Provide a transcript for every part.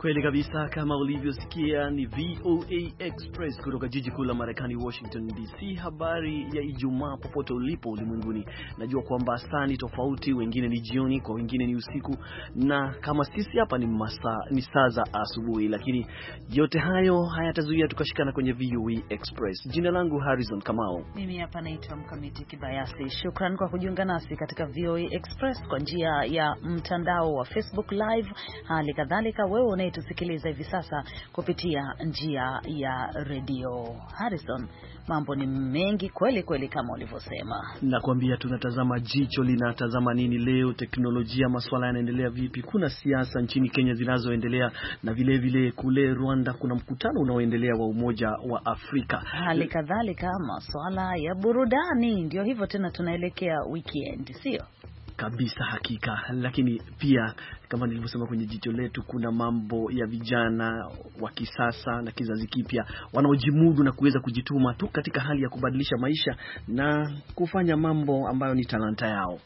Kweli kabisa, kama ulivyosikia ni VOA Express kutoka jiji kuu la Marekani, Washington DC. Habari ya Ijumaa popote ulipo ulimwenguni. Najua kwamba saa ni tofauti, wengine ni jioni, kwa wengine ni usiku, na kama sisi hapa ni masa, ni saa za asubuhi, lakini yote hayo hayatazuia tukashikana kwenye VOA Express. Jina langu Harrison Kamao, mimi hapa naitwa Mkamiti Kibayasi. Shukran kwa kujiunga nasi katika VOA Express kwa njia ya mtandao wa Facebook Live, hali kadhalika wewe anayetusikiliza hivi sasa kupitia njia ya redio. Harrison, mambo ni mengi kweli kweli, kama ulivyosema. Nakwambia, tunatazama jicho linatazama nini leo, teknolojia, masuala yanaendelea vipi, kuna siasa nchini Kenya zinazoendelea na vilevile vile kule Rwanda kuna mkutano unaoendelea wa Umoja wa Afrika, hali kadhalika masuala ya burudani. Ndio hivyo tena, tunaelekea weekend, sio? kabisa, hakika. Lakini pia kama nilivyosema kwenye jicho letu, kuna mambo ya vijana wa kisasa na kizazi kipya wanaojimudu na kuweza kujituma tu katika hali ya kubadilisha maisha na kufanya mambo ambayo ni talanta yao.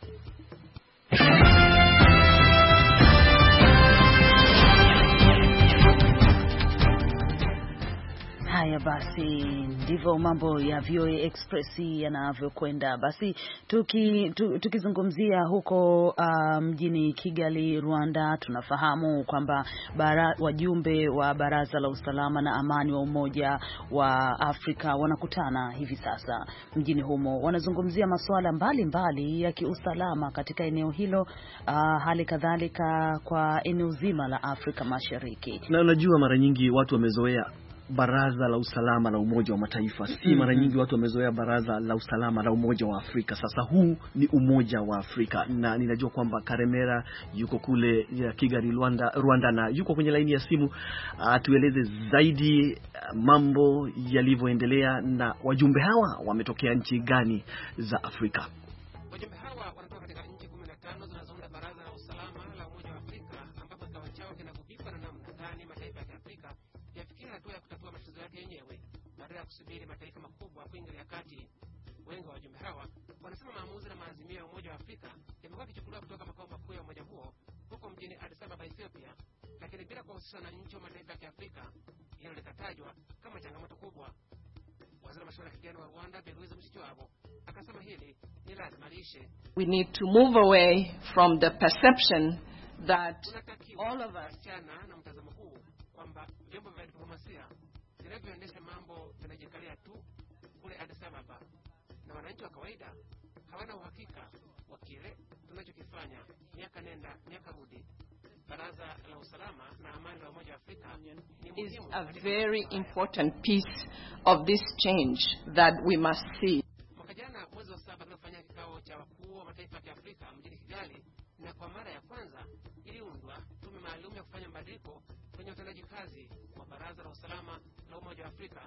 Haya basi, ndivyo mambo ya VOA Express yanavyokwenda. Basi tuki, tu, tukizungumzia huko ah, mjini um, Kigali, Rwanda, tunafahamu kwamba wajumbe wa Baraza la Usalama na Amani wa Umoja wa Afrika wanakutana hivi sasa mjini humo, wanazungumzia masuala mbalimbali ya kiusalama katika eneo hilo, uh, hali kadhalika kwa eneo zima la Afrika Mashariki. Na unajua mara nyingi watu wamezoea baraza la usalama la Umoja wa Mataifa. Si mm-hmm. mara nyingi watu wamezoea baraza la usalama la Umoja wa Afrika. Sasa huu ni Umoja wa Afrika, na ninajua kwamba Karemera yuko kule Kigali, Rwanda, Rwanda na yuko kwenye laini ya simu atueleze zaidi uh, mambo yalivyoendelea na wajumbe hawa wametokea nchi gani za Afrika? ya kusubiri mataifa makubwa ya kuingilia kati. Wengi wa wajumbe hawa wanasema maamuzi na maazimio ya Umoja wa Afrika yamekuwa yakichukuliwa kutoka makao makuu ya umoja huo huko mjini Addis Ababa, Ethiopia, lakini bila kuwahusisha wananchi wa mataifa ya Kiafrika. Hilo likatajwa kama changamoto kubwa. Waziri wa mashauri ya kigeni wa Rwanda Louise Mushikiwabo akasema hili ni lazima liishe. We need to move away from the perception that all of us, na mtazamo huu kwamba vyombo vya diplomasia tunavyoendesha mambo tu kule Addis Ababa, na wananchi wa kawaida hawana uhakika wa kile tunachokifanya miaka nenda miaka rudi. Baraza la Usalama na Amani la Umoja wa Afrika is a very important piece of this change that we must see. Mwaka jana mwezi wa saba kikao cha wakuu wa mataifa ya mjini Kigali na kwa mara ya kwanza iliundwa tume maalum ya kufanya mabadiliko kwenye utendaji kazi wa Baraza la Usalama la Umoja wa Afrika.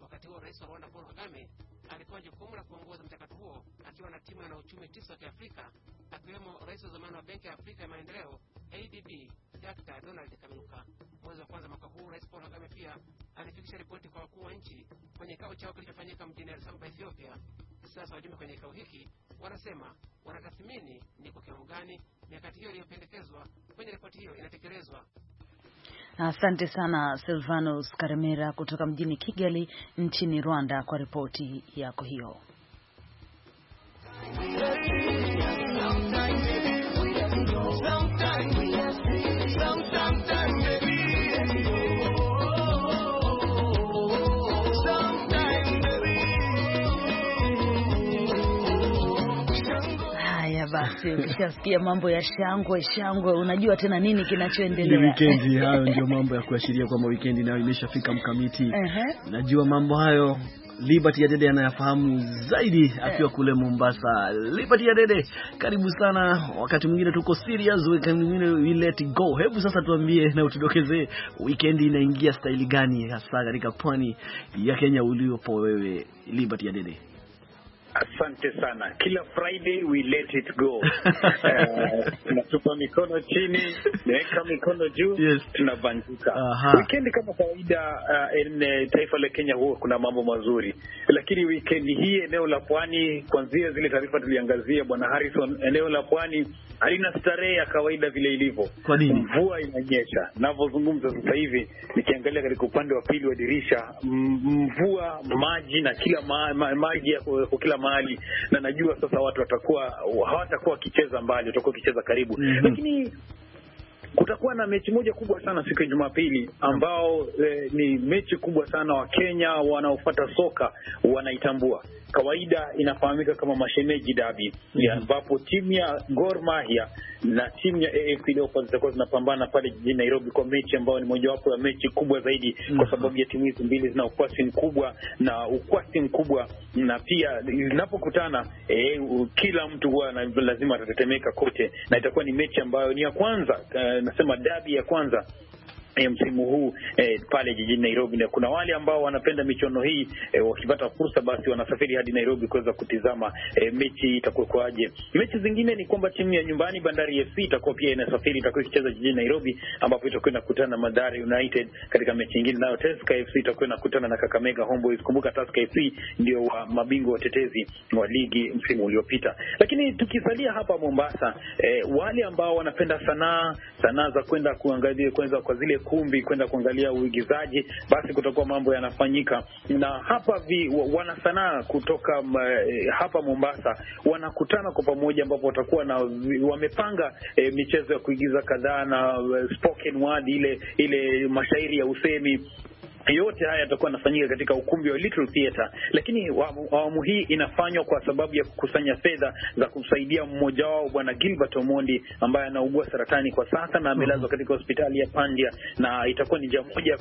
Wakati huo rais wa Rwanda Paul Kagame alipewa jukumu la kuongoza mchakato huo akiwa na timu ya wanauchumi tisa wa Kiafrika, akiwemo rais wa zamani wa Benki ya Afrika ya Maendeleo ADB Dr. Donald Kamenuka. Mwezi wa kwanza mwaka huu, Rais Paul Kagame pia alifikisha ripoti kwa wakuu wa nchi kwenye kikao chao kilichofanyika mjini Addis Ababa, Ethiopia. Sasa wajumbe kwenye kikao hiki wanasema wanatathmini ni kwa kiwango gani mikakati hiyo iliyopendekezwa kwenye ripoti hiyo inatekelezwa. Asante sana Silvanus Karemera kutoka mjini Kigali nchini Rwanda kwa ripoti yako hiyo. basi ukishasikia mambo ya shangwe shangwe, unajua tena nini kinachoendelea. Ni hayo ndio mambo ya kuashiria kwamba wikendi nayo imeshafika mkamiti. uh -huh. Najua mambo hayo Liberty ya Dede anayafahamu zaidi akiwa kule Mombasa. Liberty ya Dede, karibu sana. Wakati mwingine tuko serious, wakati mwingine we let go. Hebu sasa tuambie na utudokeze, weekend inaingia staili gani hasa katika pwani ya Kenya uliopo wewe, Liberty ya Dede? Asante sana. Kila Friday we let it go. Eh, tunatupa uh, mikono chini, naweka mikono juu, yes. Tunabanduka wikendi kama kawaida. Uh, taifa la Kenya huwa kuna mambo mazuri, lakini wikendi hii eneo la pwani, kuanzia zile taarifa tuliangazia, Bwana Harrison, eneo la pwani halina starehe ya kawaida vile ilivyo. Kwa nini? Mvua inanyesha, navyozungumza sasa hivi, nikiangalia katika upande wa pili wa dirisha, mvua, maji na kila ma ma maji ya kila mali na najua sasa watu watakuwa hawatakuwa wakicheza mbali, watakuwa wakicheza karibu mm -hmm. Lakini Kutakuwa na mechi moja kubwa sana siku ya Jumapili ambao eh, ni mechi kubwa sana. Wakenya wanaofuata soka wanaitambua. Kawaida inafahamika kama mashemeji dabi, mhm. ambapo mm -hmm. timu ya Gor Mahia na timu ya AFC Leopards zitakuwa zinapambana pale jijini Nairobi kwa mechi ambayo ni mojawapo ya mechi kubwa zaidi mm -hmm. kwa mhm. sababu ya timu hizi mbili zina ukwasi mkubwa na ukwasi mkubwa, na pia zinapokutana eh, kila mtu huwa lazima atatetemeka kote, na itakuwa ni mechi ambayo ni ya kwanza eh, inasema dabi ya kwanza ya msimu huu eh, pale jijini Nairobi, na kuna wale ambao wanapenda michuano hii eh, wakipata fursa basi wanasafiri hadi Nairobi kuweza kutizama eh, mechi itakuwaje. Mechi zingine ni kwamba timu ya nyumbani Bandari FC itakuwa pia inasafiri, itakuwa ikicheza jijini Nairobi, ambapo itakuwa inakutana na Madhari United katika mechi nyingine, nayo Tusker FC itakuwa inakutana na Kakamega Homeboys. Kumbuka Tusker FC ndio wa mabingwa watetezi wa ligi msimu uliopita. Lakini tukisalia hapa Mombasa, eh, wale ambao wanapenda sanaa sanaa za kwenda kuangalia kwanza kwa zile kumbi kwenda kuangalia uigizaji, basi kutakuwa mambo yanafanyika. Na hapa vi wanasanaa kutoka eh, hapa Mombasa wanakutana kwa pamoja, ambapo watakuwa na wamepanga e, michezo ya kuigiza kadhaa na eh, spoken word, ile ile mashairi ya usemi yote haya yatakuwa yanafanyika katika ukumbi wa Little Theatre, lakini awamu hii inafanywa kwa sababu ya kukusanya fedha za kumsaidia mmoja wao Bwana Gilbert Omondi ambaye anaugua saratani kwa sasa na amelazwa mhm. katika hospitali ya Pandya, na itakuwa ni njia moja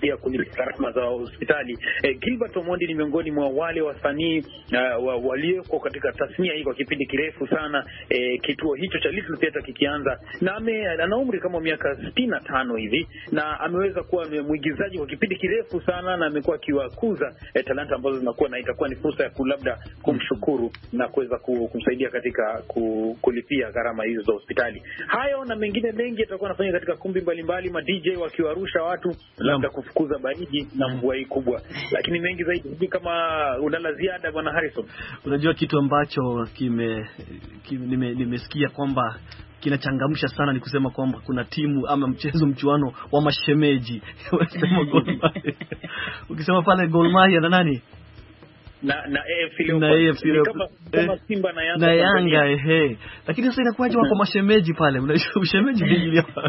pia kulipa gharama za hospitali. E, Gilbert Omondi ni miongoni mwa wale wasanii eh, wa, walioko katika tasnia hii kwa kipindi kirefu sana. E, kituo hicho cha Little Theatre kikianza, na ame, ana umri kama miaka sitini na tano hivi, na ameweza kuwa mwigizaji kwa kipindi kirefu sana, na amekuwa akiwakuza e, talanta ambazo zinakuwa, na itakuwa ni fursa ya labda kumshukuru na kuweza kumsaidia katika kulipia gharama hizo za hospitali. Hayo na mengine mengi yatakuwa anafanyika katika kumbi mbalimbali, ma DJ wakiwarusha watu labda kufukuza baridi na mm. mvua hii kubwa, lakini mengi zaidi sijui kama unala ziada, bwana Harrison. Unajua kitu ambacho kime, kime nime, nimesikia kwamba kinachangamsha sana ni kusema kwamba kuna timu ama mchezo mchuano wa mashemeji ukisema pale Gor Mahia na nani na na AFC Leopards kama, kama eh. na Yanga ehe, lakini sasa inakuwaje wako mashemeji pale, unashemeji vipi?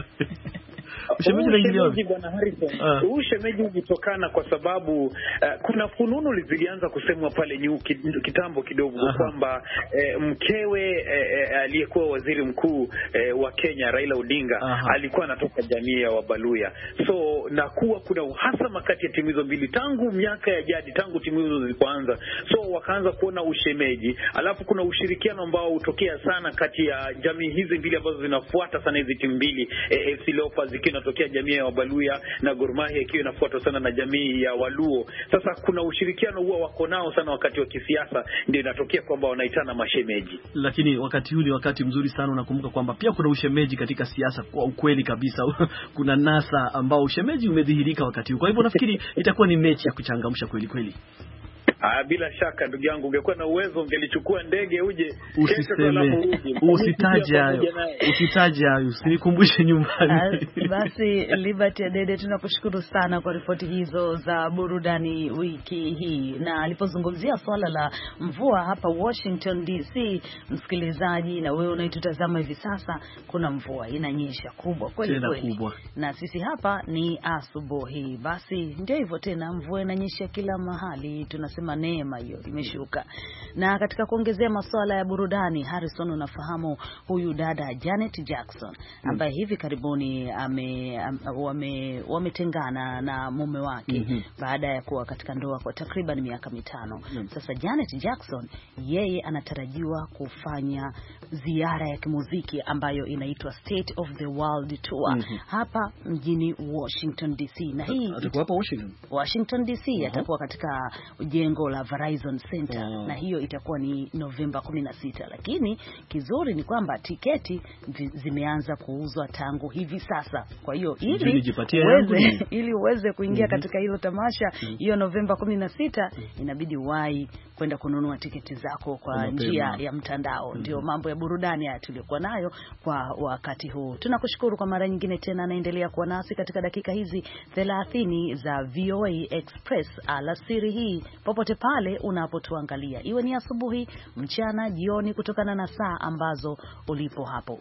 Ushemeji unaingiliwa bwana Harrison. Ah. Huu uh, shemeji hujitokana kwa sababu uh, kuna fununu zilianza kusemwa pale nyu kitambo kidogo uh -huh. kwamba eh, mkewe eh, eh, aliyekuwa waziri mkuu eh, wa Kenya Raila Odinga uh -huh. alikuwa anatoka jamii ya Wabaluya, so na kuwa kuna uhasama kati ya timu hizo mbili tangu miaka ya jadi, tangu timu hizo zilipoanza, so wakaanza kuona ushemeji, alafu kuna ushirikiano ambao hutokea sana kati ya jamii hizi mbili ambazo zinafuata sana hizi timu mbili eh, FC eh, Leopards zikiwa inatokea jamii ya Wabaluya na Gor ikiwa inafuatwa sana na jamii ya Waluo. Sasa kuna ushirikiano huwa wako nao sana wakati wa kisiasa, ndio inatokea kwamba wanaitana mashemeji. Lakini wakati huu ni wakati mzuri sana, unakumbuka kwamba pia kuna ushemeji katika siasa kwa ukweli kabisa. kuna nasa ambao ushemeji umedhihirika wakati huu, kwa hivyo nafikiri itakuwa ni mechi ya kuchangamsha kweli kweli. Aa, ah, bila shaka ndugu yangu, ungekuwa na uwezo ungelichukua ndege uje. Usiseme, usitaje hayo, usinikumbushe nyumbani. Ah, basi Liberty Dede, tunakushukuru sana kwa ripoti hizo za burudani wiki hii. Na alipozungumzia swala la mvua hapa Washington DC, msikilizaji, na wewe unaitutazama hivi sasa, kuna mvua inanyesha kubwa kweli kweli, na sisi hapa ni asubuhi. Basi ndio hivyo tena, mvua inanyesha kila mahali, tunasema wanasema neema hiyo imeshuka. Na katika kuongezea masuala ya burudani, Harrison, unafahamu huyu dada Janet Jackson mm. ambaye hivi karibuni ame, am, wame, wametengana na mume wake mm -hmm. baada ya kuwa katika ndoa kwa takriban miaka mitano mm -hmm. Sasa Janet Jackson yeye anatarajiwa kufanya ziara ya kimuziki ambayo inaitwa State of the World Tour mm -hmm. hapa mjini Washington DC, na hii atakuwa hapa Washington, Washington DC uh -huh. atakuwa katika jengo jengo la Verizon Center mm. na hiyo itakuwa ni Novemba 16, lakini kizuri ni kwamba tiketi zimeanza kuuzwa tangu hivi sasa. Kwa hiyo ili uweze ili uweze kuingia mm -hmm. katika hilo tamasha mhm. hiyo mm -hmm. Novemba 16 mhm. inabidi wai kwenda kununua tiketi zako kwa njia ya mtandao. mm -hmm. Ndio mambo ya burudani haya tuliyokuwa nayo kwa wakati huu. Tunakushukuru kwa mara nyingine tena, naendelea kuwa nasi katika dakika hizi 30 za VOA Express alasiri hii, popote pale unapotuangalia, iwe ni asubuhi, mchana, jioni, kutokana na saa ambazo ulipo hapo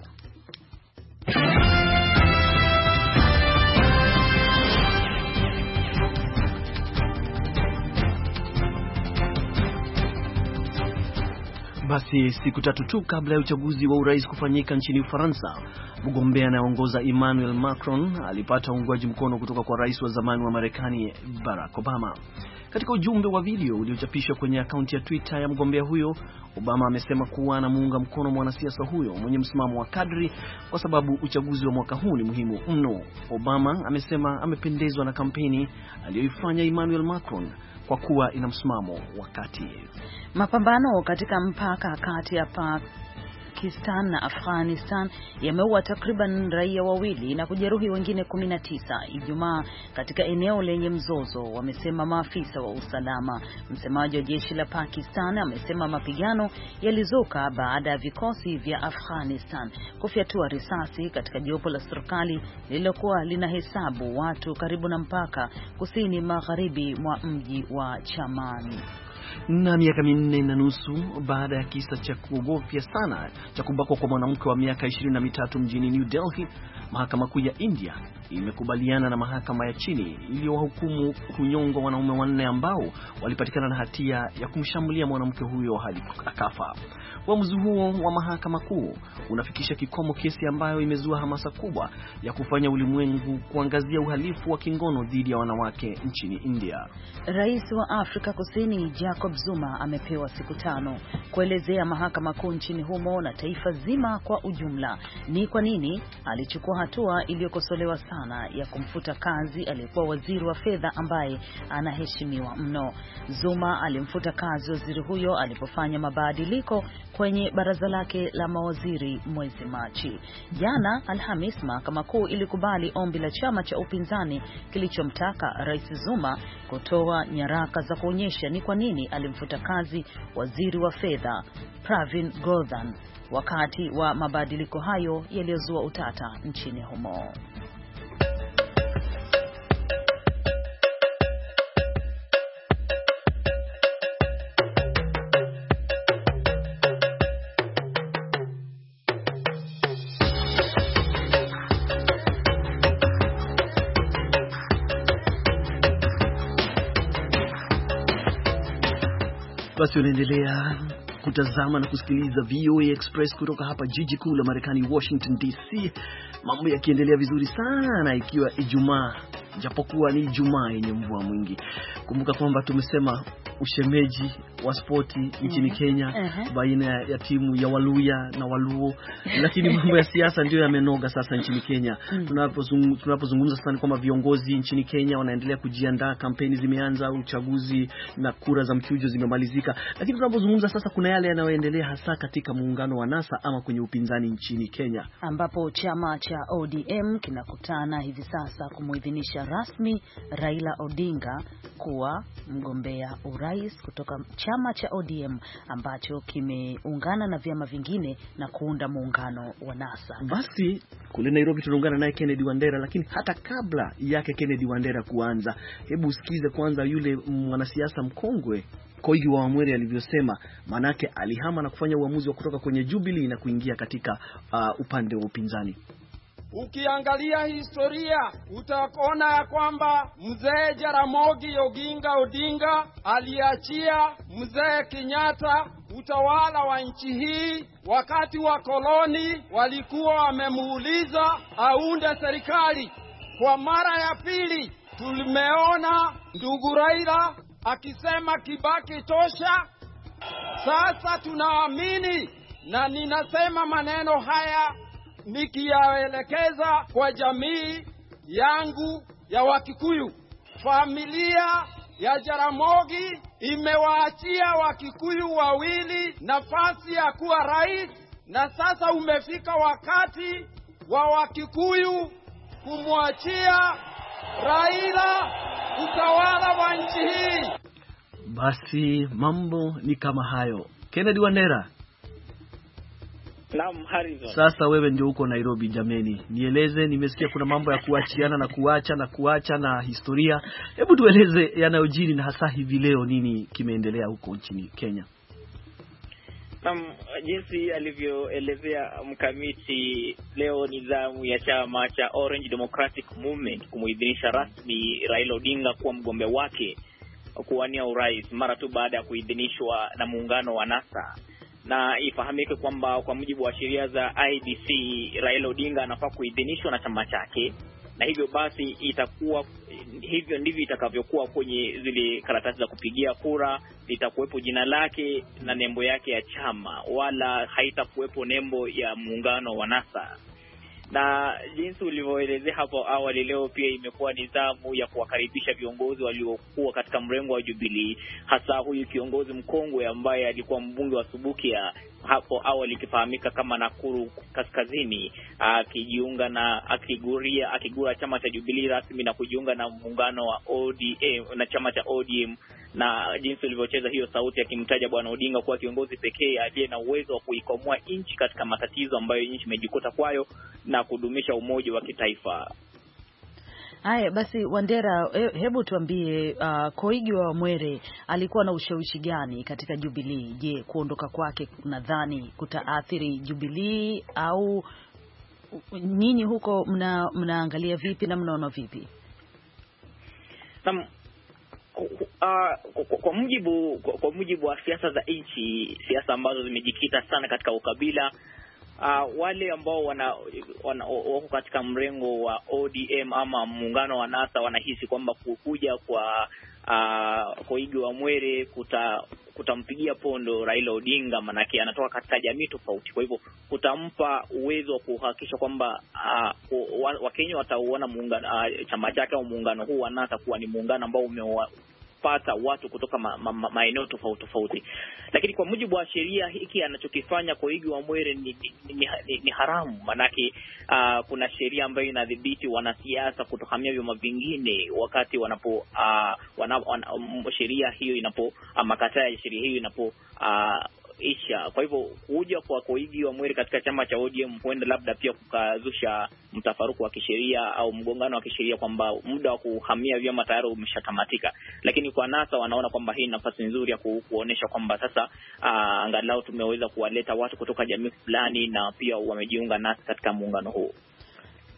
Basi siku tatu tu kabla ya uchaguzi wa urais kufanyika nchini Ufaransa, mgombea anayeongoza Emmanuel Macron alipata uungwaji mkono kutoka kwa rais wa zamani wa Marekani Barack Obama. Katika ujumbe wa video uliochapishwa kwenye akaunti ya Twitter ya mgombea huyo, Obama amesema kuwa anamuunga mkono mwanasiasa huyo mwenye msimamo wa kadri kwa sababu uchaguzi wa mwaka huu ni muhimu mno. Obama amesema amependezwa na kampeni aliyoifanya Emmanuel Macron kwa kuwa ina msimamo wa kati. Mapambano katika mpaka kati ya Pakistan na Afghanistan yameua takriban raia wawili na kujeruhi wengine 19 Ijumaa katika eneo lenye mzozo, wamesema maafisa wa usalama. Msemaji wa jeshi la Pakistan amesema mapigano yalizuka baada ya vikosi vya Afghanistan kufyatua risasi katika jopo la serikali lililokuwa linahesabu watu karibu na mpaka kusini magharibi mwa mji wa chamani na miaka minne na nusu baada ya kisa cha kuogofya sana cha kubakwa kwa mwanamke wa miaka ishirini na mitatu mjini New Delhi, mahakama kuu ya India imekubaliana na mahakama ya chini iliyowahukumu kunyongwa wanaume wanne ambao walipatikana na hatia ya kumshambulia mwanamke huyo hadi akafa. Uamuzi huo wa mahakama kuu unafikisha kikomo kesi ambayo imezua hamasa kubwa ya kufanya ulimwengu kuangazia uhalifu wa kingono dhidi ya wanawake nchini India. Rais wa Afrika Kusini Jacob Zuma amepewa siku tano kuelezea mahakama kuu nchini humo na taifa zima kwa ujumla ni kwa nini alichukua hatua iliyokosolewa sana ya kumfuta kazi aliyekuwa waziri wa fedha ambaye anaheshimiwa mno. Zuma alimfuta kazi waziri huyo alipofanya mabadiliko kwenye baraza lake la mawaziri mwezi Machi. Jana Alhamis, mahakama kuu ilikubali ombi la chama cha upinzani kilichomtaka Rais Zuma kutoa nyaraka za kuonyesha ni kwa nini alimfuta kazi waziri wa fedha Pravin Gordhan wakati wa mabadiliko hayo yaliyozua utata nchini humo. Basi unaendelea kutazama na kusikiliza VOA Express kutoka hapa jiji kuu la Marekani, Washington DC, mambo yakiendelea vizuri sana, ikiwa Ijumaa japokuwa ni Ijumaa yenye mvua mwingi. Kumbuka kwamba tumesema ushemeji wa spoti nchini mhm. Kenya uh -huh. baina ya timu ya Waluya na Waluo lakini mambo ya siasa ndio yamenoga sasa nchini Kenya mm. tunapozungumza sasa ni kwamba viongozi nchini Kenya wanaendelea kujiandaa, kampeni zimeanza, uchaguzi na kura za mchujo zimemalizika, lakini tunapozungumza sasa kuna yale yanayoendelea hasa katika muungano wa NASA ama kwenye upinzani nchini Kenya ambapo chama cha ODM kinakutana hivi sasa kumuidhinisha rasmi Raila Odinga kuwa mgombea ura rais kutoka chama cha ODM ambacho kimeungana na vyama vingine na kuunda muungano wa NASA. Basi kule Nairobi tunaungana naye Kennedy Wandera, lakini hata kabla yake Kennedy Wandera kuanza, hebu usikize kwanza yule mwanasiasa mkongwe Koigi wa Wamwere alivyosema, maanake alihama na kufanya uamuzi wa kutoka kwenye Jubilee na kuingia katika uh, upande wa upinzani. Ukiangalia historia utaona ya kwamba mzee Jaramogi Oginga Odinga aliachia mzee Kenyatta utawala wa nchi hii. Wakati wa koloni walikuwa wamemuuliza aunde serikali. Kwa mara ya pili tulimeona ndugu Raila akisema Kibaki tosha. Sasa tunaamini, na ninasema maneno haya nikiyaelekeza kwa jamii yangu ya Wakikuyu. Familia ya Jaramogi imewaachia Wakikuyu wawili nafasi ya kuwa rais, na sasa umefika wakati wa Wakikuyu kumwachia Raila utawala wa nchi hii. Basi mambo ni kama hayo. Kennedy Wandera Naam, Harrison. Sasa wewe ndio uko Nairobi, jameni, nieleze, nimesikia kuna mambo ya kuachiana na kuacha na kuacha na historia. Hebu tueleze yanayojiri na hasa hivi leo nini kimeendelea huko nchini Kenya? Naam, jinsi alivyoelezea mkamiti, leo ni zamu ya chama cha Orange Democratic Movement kumuidhinisha rasmi Raila Odinga kuwa mgombea wake kuwania urais mara tu baada ya kuidhinishwa na muungano wa NASA na ifahamike kwamba kwa mujibu wa sheria za ibc Raila Odinga anafaa kuidhinishwa na chama chake, na hivyo basi itakuwa hivyo ndivyo itakavyokuwa kwenye zile karatasi za kupigia kura. Litakuwepo jina lake na nembo yake ya chama, wala haitakuwepo nembo ya muungano wa NASA na jinsi ulivyoelezea hapo awali, leo pia imekuwa nidhamu ya kuwakaribisha viongozi waliokuwa katika mrengo wa Jubilii, hasa huyu kiongozi mkongwe ambaye alikuwa mbunge wa Subukia hapo awali ikifahamika kama Nakuru Kaskazini, akijiunga na akiguria akigura chama cha Jubilii rasmi na kujiunga na muungano wa ODM na chama cha ODM na jinsi ulivyocheza hiyo sauti akimtaja Bwana Odinga kuwa kiongozi pekee aliye na uwezo wa kuikomua nchi katika matatizo ambayo nchi imejikuta kwayo na kudumisha umoja wa kitaifa. Haya basi, Wandera, hebu tuambie, uh, Koigi wa Wamwere alikuwa na ushawishi gani katika Jubilii? Je, kuondoka kwake nadhani kutaathiri Jubilii au nyinyi huko mna, mnaangalia vipi na mnaona vipi? uh, kwa mujibu kwa mujibu wa siasa za nchi, siasa ambazo zimejikita sana katika ukabila uh, wale ambao wana, wana, wako katika mrengo wa ODM ama muungano wa NASA wanahisi kwamba kukuja kwa uh, ah, Koigi wa Mwere kuta kutampigia pondo Raila Odinga, manake anatoka katika jamii tofauti, kwa hivyo kutampa uwezo wa kuhakikisha kwamba uh, Wakenya watauona chama chake au muungano huu wa NASA kuwa ni muungano ambao umewa kupata watu kutoka maeneo ma, ma, tofauti tofauti, lakini kwa mujibu wa sheria hiki anachokifanya Koigi wa Mwere ni, ni, ni, ni, ni haramu. Maanake uh, kuna sheria ambayo inadhibiti wanasiasa kutohamia vyama vingine wakati wanapo uh, wana, wana, um, sheria hiyo inapo uh, makataa ya sheria hiyo inapo uh, Asia. Kwa hivyo kuja kwa Koigi wa Mweri katika chama cha ODM huenda labda pia kukazusha mtafaruku wa kisheria au mgongano wa kisheria kwamba muda wa kuhamia vyama tayari umeshatamatika, lakini kwa NASA wanaona kwamba hii nafasi nzuri ya kuonyesha kwamba sasa uh, angalau tumeweza kuwaleta watu kutoka jamii fulani na pia wamejiunga nasi katika muungano huu.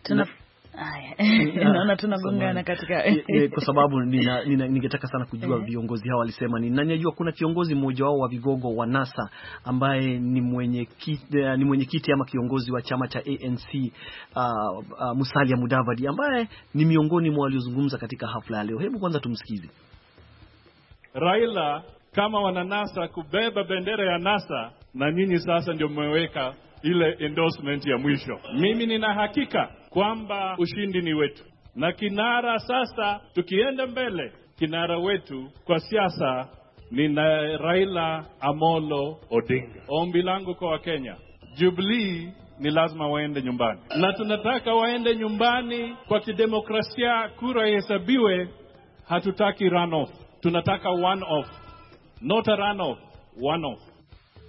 Tuna Ah, naona tunagongana katika kwa sababu ningetaka sana kujua viongozi hao walisema nini, na ninajua kuna kiongozi mmoja wao wa vigogo wa NASA ambaye ni mwenyekiti eh, ni mwenyekiti ama kiongozi wa chama cha ANC uh, ah, uh, ah, Musalia Mudavadi ambaye ni miongoni mwa waliozungumza katika hafla ya leo. Hebu kwanza tumsikize. Raila, kama wana NASA kubeba bendera ya NASA, na nyinyi sasa ndio mmeweka ile endorsement ya mwisho. Mimi nina hakika kwamba ushindi ni wetu, na kinara sasa, tukienda mbele, kinara wetu kwa siasa ni na Raila Amolo Odinga. Ombi langu kwa Wakenya, Jubilee ni lazima waende nyumbani, na tunataka waende nyumbani kwa kidemokrasia, kura ihesabiwe. Hatutaki runoff, tunataka one off, not a runoff, one off.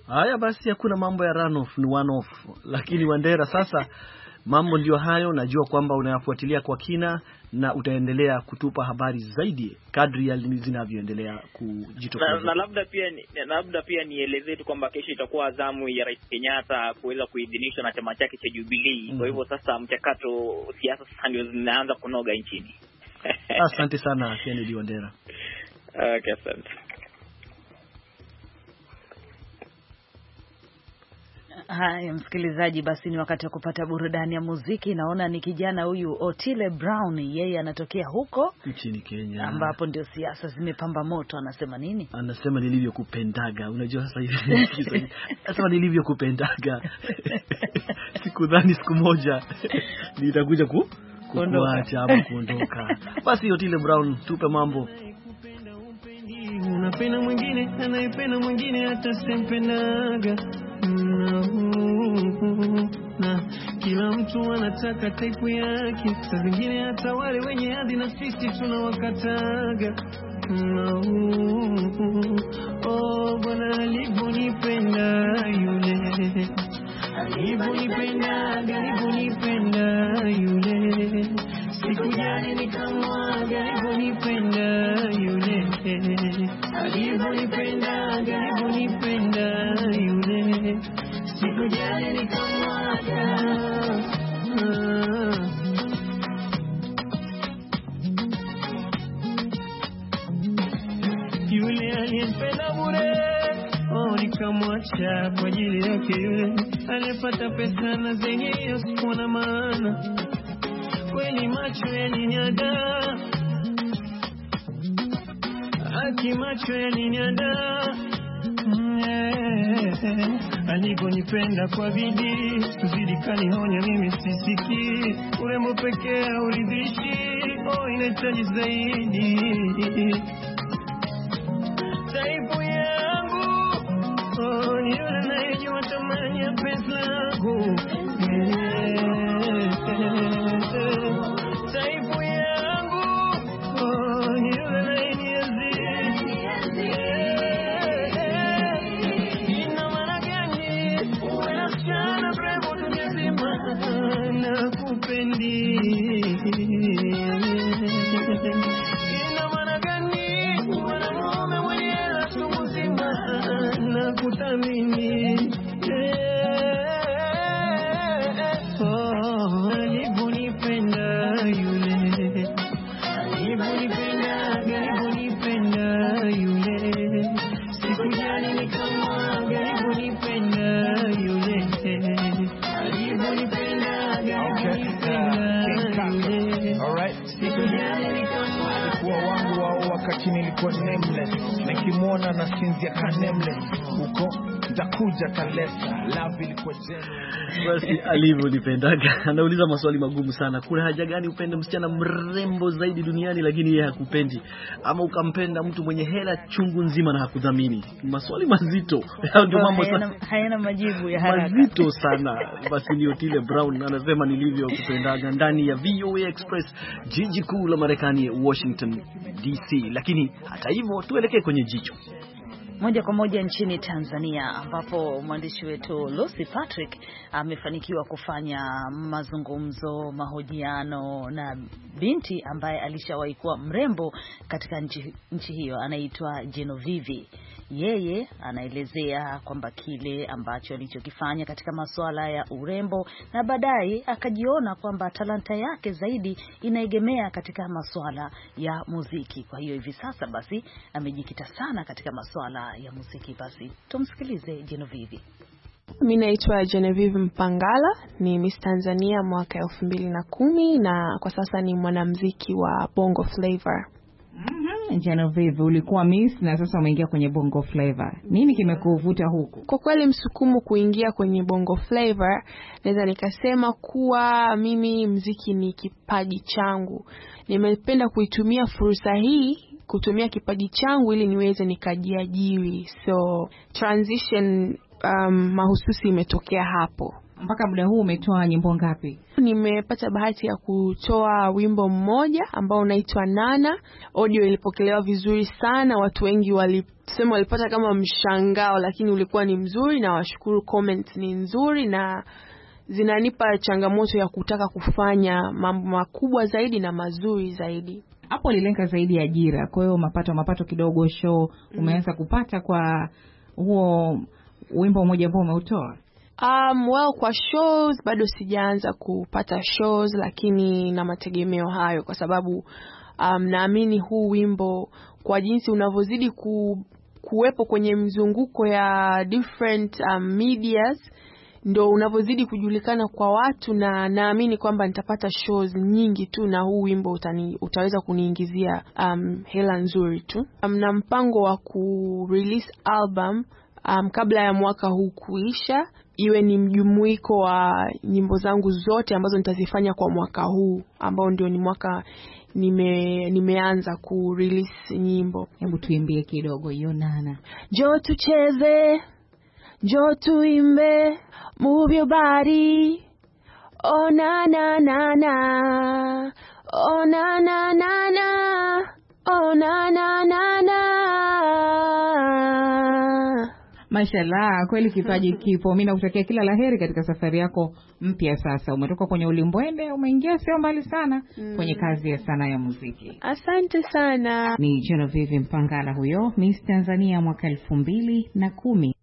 Haya basi, hakuna mambo ya runoff, ni one off. Lakini Wandera sasa Mambo ndiyo hayo, najua kwamba unayafuatilia kwa kina na utaendelea kutupa habari zaidi kadri zinavyoendelea kujitokeza. Na, na labda pia labda pia nielezee tu kwamba kesho itakuwa zamu ya Rais Kenyatta kuweza kuidhinishwa na chama chake cha Jubilee. Kwa mm hivyo mhm. sasa mchakato siasa sasa ndio zinaanza kunoga nchini. Asante sana Kennedy Wandera. Okay, asante. Haya msikilizaji, basi ni wakati wa kupata burudani ya muziki. Naona ni kijana huyu Otile Brown, yeye anatokea huko nchini Kenya, ambapo ndio siasa zimepamba moto. Anasema nini? Anasema nilivyokupendaga. Unajua sasa hivi anasema nilivyokupendaga, sikudhani siku moja nitakuja ku kuacha ama kuondoka. Basi Otile Brown, tupe mambo unapenda mwingine anayependa mwingine hata kila mtu anataka taipu yake, saa zingine hata wale wenye hadhi na sisi tunawakataga mnauhu. Oh, Bwana alivyonipenda yule alivyonipenda alivyonipenda yule sikujali nikamwaga alivyonipenda yule alivyonipenda alivyonipenda yule aliyempenda bure oh, nikamwacha kwa ajili yake yule aliyepata pesa na zenye hiyo sikuwa na maana kweli macho yaliniada aki macho yaliniada Eh, eh. alivyonipenda kwa bidii, tuzidi kanionya mimi sisikii, urembo pekee hauridhishi, oh, inahitaji zaidi Basi alivyolipendaga anauliza maswali magumu sana. Kuna haja gani upende msichana mrembo zaidi duniani, lakini yeye hakupendi, ama ukampenda mtu mwenye hela chungu nzima na hakudhamini? Maswali mazito, ndio mambo hayana majibu ya haraka, mazito sana. Basi ndio Otile Brown anasema nilivyokupendaga, ndani ya VOA Express, jiji kuu la Marekani, Washington DC. Lakini hata hivyo tuelekee kwenye jicho moja kwa moja nchini Tanzania, ambapo mwandishi wetu Lucy Patrick amefanikiwa kufanya mazungumzo, mahojiano na binti ambaye alishawahi kuwa mrembo katika nchi, nchi hiyo anaitwa Genovivi yeye anaelezea kwamba kile ambacho alichokifanya katika masuala ya urembo na baadaye akajiona kwamba talanta yake zaidi inaegemea katika masuala ya muziki. Kwa hiyo hivi sasa basi amejikita sana katika masuala ya muziki. Basi tumsikilize Genovivi. Mi naitwa Genevieve Mpangala, ni Miss Tanzania mwaka elfu mbili na kumi na kwa sasa ni mwanamziki wa Bongo Flavor mm-hmm, ulikuwa Miss na sasa umeingia kwenye Bongo flavor. Nini kimekuvuta huku? Kwa kweli msukumo kuingia kwenye Bongo flavor, naweza nikasema kuwa mimi mziki ni kipaji changu, nimependa kuitumia fursa hii kutumia kipaji changu ili niweze nikajiajiri, so transition um, mahususi imetokea hapo mpaka muda huu umetoa nyimbo ngapi? Nimepata bahati ya kutoa wimbo mmoja ambao unaitwa Nana. Audio ilipokelewa vizuri sana, watu wengi walisema walipata kama mshangao, lakini ulikuwa ni mzuri na washukuru. Comments ni nzuri na zinanipa changamoto ya kutaka kufanya mambo makubwa zaidi na mazuri zaidi. Hapo ulilenga zaidi ajira, kwa hiyo mapato mapato kidogo show mm. umeanza kupata kwa huo wimbo mmoja ambao umeutoa? Um, well kwa shows bado sijaanza kupata shows, lakini na mategemeo hayo kwa sababu um, naamini huu wimbo kwa jinsi unavyozidi ku, kuwepo kwenye mzunguko ya different um, medias ndo unavyozidi kujulikana kwa watu, na naamini kwamba nitapata shows nyingi tu na huu wimbo utani, utaweza kuniingizia um, hela nzuri tu um, na mpango wa ku release album um, kabla ya mwaka huu kuisha iwe ni mjumuiko wa nyimbo zangu zote ambazo nitazifanya kwa mwaka huu ambao ndio ni mwaka nime, nimeanza ku release nyimbo. Hebu tuimbie kidogo hiyo Nana. Njoo tucheze, njoo tuimbe, move your body. Oh na na na na. Oh na na na na. Oh na na na na. Mashallah, kweli kipaji kipo. Mi nakutakia kila laheri katika safari yako mpya. Sasa umetoka kwenye ulimbwende, umeingia sio mbali sana mm, kwenye kazi ya sanaa ya muziki. Asante sana. Ni Genevieve Mpangala, huyo Miss Tanzania mwaka elfu mbili na kumi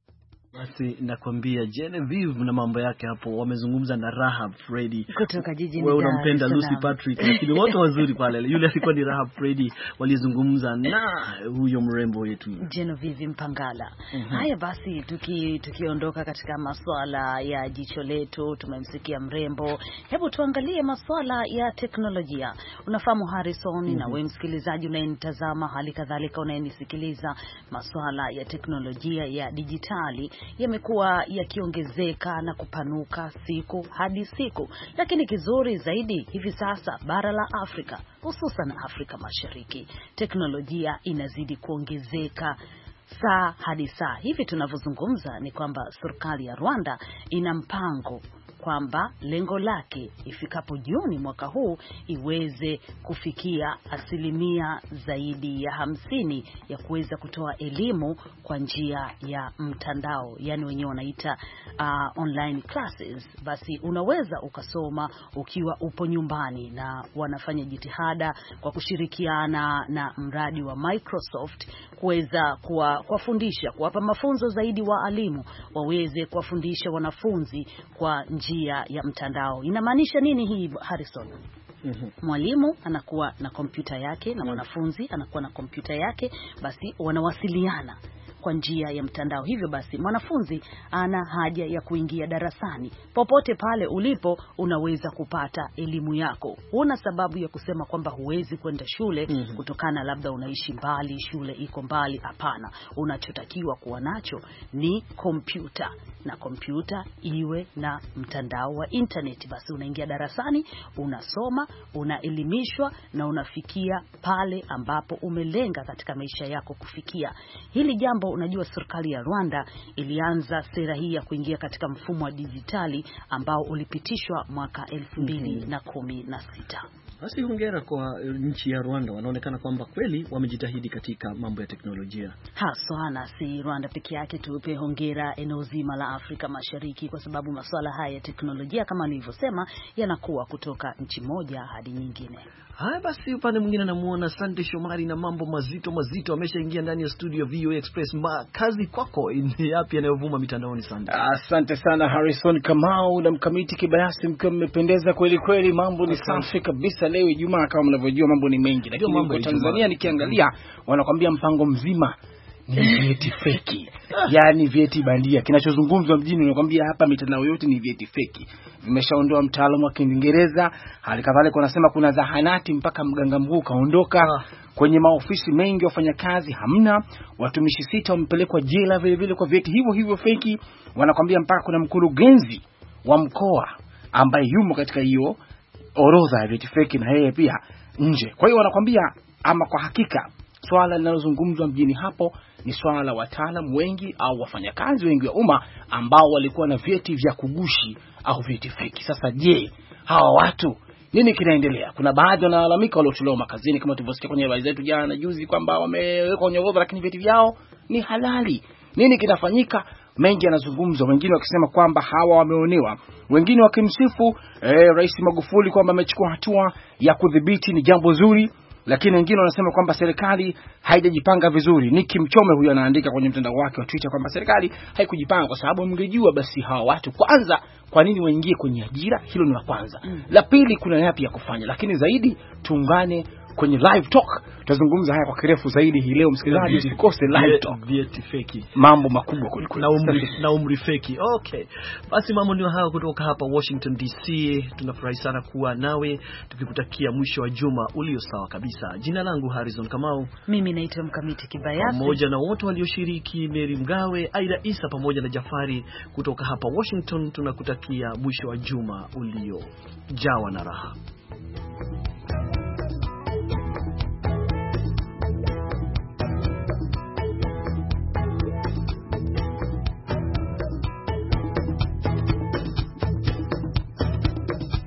basi nakwambia Genevieve na mambo yake hapo, wamezungumza na Rahab Freddy kutoka jijini. Wewe unampenda Lucy Patrick, lakini wote wazuri pale. Yule alikuwa ni Rahab Freddy, walizungumza na huyo mrembo wetu Genevieve Mpangala. mm -hmm. Haya basi, tuki tukiondoka katika masuala ya jicho letu, tumemsikia mrembo, hebu tuangalie masuala ya teknolojia. Unafahamu Harrison, mm -hmm. na mhm. wewe msikilizaji unayenitazama, hali kadhalika unayenisikiliza, masuala ya teknolojia ya dijitali ya yamekuwa yakiongezeka na kupanuka siku hadi siku, lakini kizuri zaidi hivi sasa bara la Afrika, hususan Afrika Mashariki, teknolojia inazidi kuongezeka saa hadi saa. Hivi tunavyozungumza ni kwamba serikali ya Rwanda ina mpango kwamba lengo lake ifikapo Juni mwaka huu iweze kufikia asilimia zaidi ya hamsini ya kuweza kutoa elimu kwa njia ya mtandao, yani wenyewe wanaita uh, online classes. Basi unaweza ukasoma ukiwa upo nyumbani, na wanafanya jitihada kwa kushirikiana na mradi wa Microsoft kuweza kuwafundisha kuwapa mafunzo zaidi waalimu waweze kuwafundisha wanafunzi kwa njia hii ya, ya mtandao inamaanisha nini hii Harrison? Mm -hmm. Mwalimu anakuwa na kompyuta yake na mhm. mwanafunzi anakuwa na kompyuta yake, basi wanawasiliana kwa njia ya mtandao. Hivyo basi mwanafunzi ana haja ya kuingia darasani. Popote pale ulipo unaweza kupata elimu yako. Huna sababu ya kusema kwamba huwezi kwenda shule mm -hmm. kutokana labda unaishi mbali, shule iko mbali. Hapana, unachotakiwa kuwa nacho ni kompyuta, na kompyuta iwe na mtandao wa internet. Basi unaingia darasani, unasoma, unaelimishwa na unafikia pale ambapo umelenga katika maisha yako kufikia. Hili jambo ambapo unajua serikali ya Rwanda ilianza sera hii ya kuingia katika mfumo wa dijitali ambao ulipitishwa mwaka elfu mbili mm-hmm. na kumi na sita. Basi hongera kwa eh, nchi ya Rwanda, wanaonekana kwamba kweli wamejitahidi katika mambo ya teknolojia haswa, na si Rwanda peke yake, tupe hongera eneo zima la Afrika Mashariki, kwa sababu masuala haya ya teknolojia kama nilivyosema yanakuwa kutoka nchi moja hadi nyingine. Haya basi, upande mwingine anamuona Sande Shomari na mambo mazito mazito, ameshaingia ndani ya studio VOA Express. Ma, kazi kwako ni yapi yanayovuma mitandaoni Sande? Asante sana Harrison Kamau na mkamiti kibayasi, mkiwa mmependeza kweli kweli, mambo ni safi kabisa. Leo Ijumaa kama mnavyojua, mambo ni mengi, lakini kwa Tanzania nikiangalia, wanakwambia mpango mzima ni vyeti feki, yaani vyeti bandia. Kinachozungumzwa mjini, nakwambia hapa, mitandao yote ni vyeti feki, vimeshaondoa mtaalamu wa Kiingereza. Hali kadhalika wanasema kuna zahanati mpaka mganga mkuu kaondoka. Ah. kwenye maofisi mengi wafanyakazi hamna, watumishi sita wamepelekwa jela vile vile kwa vyeti hivyo hivyo feki. Wanakwambia mpaka kuna mkurugenzi wa mkoa ambaye yumo katika hiyo orodha ya vyeti feki, na yeye pia nje. Kwa hiyo wanakwambia ama kwa hakika swala linalozungumzwa mjini hapo ni swala la wataalamu wengi au wafanyakazi wengi wa umma ambao walikuwa na vyeti vya kugushi au vyeti feki. Sasa je, hawa watu nini kinaendelea? Kuna baadhi wanalalamika waliotolewa makazini, kama tulivyosikia kwenye habari zetu jana juzi, kwamba wamewekwa kwenye orodha lakini vyeti vyao ni halali. Nini kinafanyika? Mengi yanazungumzwa, wengine wakisema kwamba hawa wameonewa, wengine wakimsifu eh, Rais Magufuli kwamba amechukua hatua ya kudhibiti, ni jambo zuri lakini wengine wanasema kwamba serikali haijajipanga vizuri. niki Mchome huyo anaandika kwenye mtandao wake wa Twitter kwamba serikali haikujipanga, kwa sababu mngejua basi hawa watu kwanza, kwa nini waingie kwenye ajira? Hilo ni la kwanza. Mm. La pili, kuna yapi ya kufanya, lakini zaidi tuungane kwenye live talk. Tutazungumza haya kwa kirefu zaidi hii leo, msikilizaji, usikose live talk. vieti feki, mambo makubwa kuliko na umri na umri feki. Okay, basi mambo ndio hayo kutoka hapa Washington DC. Tunafurahi sana kuwa nawe, tukikutakia mwisho wa juma ulio sawa kabisa. Jina langu Harrison Kamau, mimi naitwa Mkamiti Kibayasi, pamoja na wote walioshiriki, Mary Mgawe, Aida Isa pamoja na Jafari kutoka hapa Washington, tunakutakia mwisho wa juma ulio jawa na raha. thank you